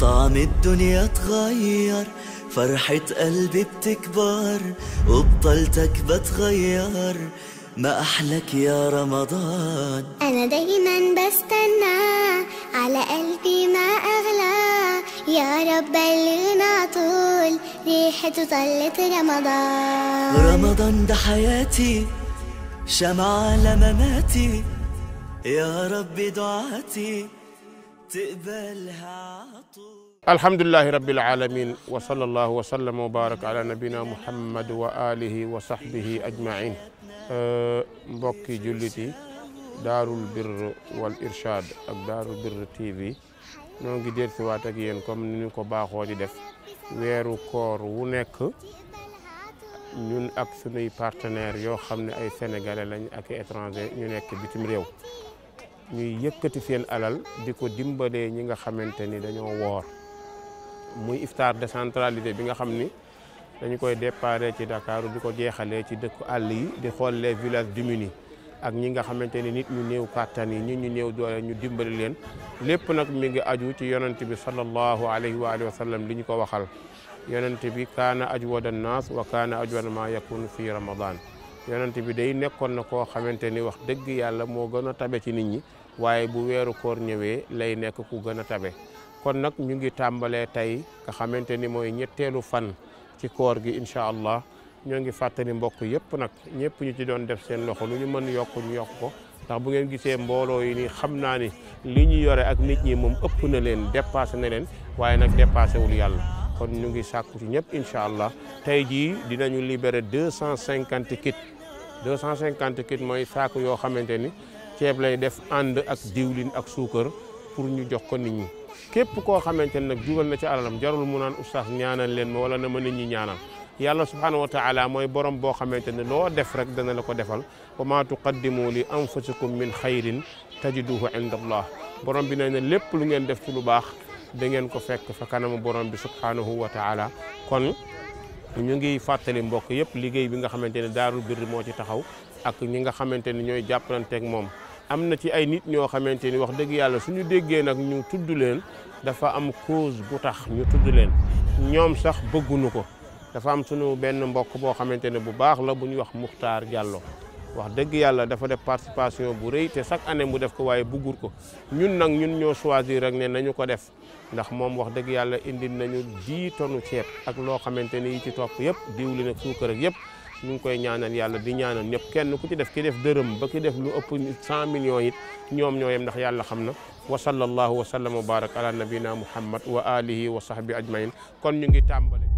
طعم الدنيا اتغير فرحة قلبي بتكبر وبطلتك بتغير ما أحلك يا رمضان أنا دايما بستنى على قلبي ما أغلى يا رب بلغنا طول ريحته طلت رمضان رمضان ده حياتي شمعة لمماتي يا رب دعاتي تقبلها طول الحمد لله رب العالمين وصلى الله وسلم وبارك على نبينا محمد وآله وصحبه أجمعين مبكي جلتي دار البر والإرشاد ak Daarul Birr TV noo ngi dellu si waat ak yéen comme ni ñu ko baaxoo di def weeru koor wu nekk ñun ak sunuy partenaires yoo xam ne ay sénégalais lañ ak étranger ñu nekk bitim réew ñu yëkkati seen alal di ko dimbalee ñi nga xamante ni dañoo woor muy iftaar décentralisé bi nga xam ni dañu koy déparé ci Dakar di ko jeexalee ci dëkku àll yi di xool les villages démunis ak ñi nga xamante ni nit ñu néew kàttan yi nit ñu néew doole ñu dimbali leen lépp nag mi ngi aju ci yonent bi sallallahu alayhi wa alihi wa sallam li ñu ko waxal yonent bi kaana ajwada nnaas wa kaana ajwada ma yakunu fi ramadan yonent bi day nekkoon na koo xamante ni wax dëgg yàlla moo gën a tabe ci nit ñi waaye bu weeru koor ñëwee lay nekk ku gën a tabe kon nag ñu ngi tàmbalee tey nga xamante ni mooy ñetteelu fan ci koor gi incha allah ñoo ngi fàttali mbokk yëpp nag ñëpp ñu ci doon def seen loxo lu ñu mën yokk ñu yokk ko ndax bu ngeen gisee mbooloo yi nii xam naa ni li ñu yore ak nit ñi moom ëpp na leen dépassé na leen waaye nag dépassé wul yàlla kon ñu ngi sàkku ci ñëpp incha allah tey jii dinañu libéré deux cent cinquante kit deux cent cinquante kit mooy saaku yoo xamante ni ceeb lay def ànd ak diwlin ak suukar pour ñu jox ko nit ñi képp koo xamante ni nag jugal na ci alalam jarul mu naan oustaz ñaanal leen ma wala na ma nit ñi ñaanal yàlla subhanahu wa taala mooy borom boo xamante ne loo def rek dana la ko defal wa ma tuqaddimu li anfusikum min xayrin tajiduhu inda allah borom bi nee na lépp lu ngeen def ci lu baax da ko fekk fa kanamu borom bi subhanahu wa taala kon ñu ngi fàttali mbokk yëpp liggéey bi nga xamante ne daarul birri moo ci taxaw ak ñi nga xamante ne ñooy jàppalanteeg moom am na ci ay nit ñoo xamante ni wax dëgg yàlla suñu déggee nag ñu tudd leen dafa am cause bu tax ñu tudd leen ñoom sax bëgguñu ko dafa am suñu benn mbokk boo xamante ne bu baax la bu ñuy wax Muxtaar Jàllo wax dëgg yàlla dafa def participation bu rëy te chaque année mu def ko waaye buggur ko ñun nag ñun ñoo choisir rek ne nañu ko def ndax moom wax dëgg yàlla indil nañu 10 tonnes ceeb ak loo xamante ni yi ci topp yëpp diwlin ak suukar ak yëpp ñu ngi koy ñaanal yàlla di ñaanal ñëpp kenn ku ci def ki def dërëm ba ki def lu ëpp 100 millions it ñoom ñoo yem ndax yàlla xam na wa sallallahu wa sallam wa barak ala nabina muhammad wa alihi wa sahbi ajmain kon ñu ngi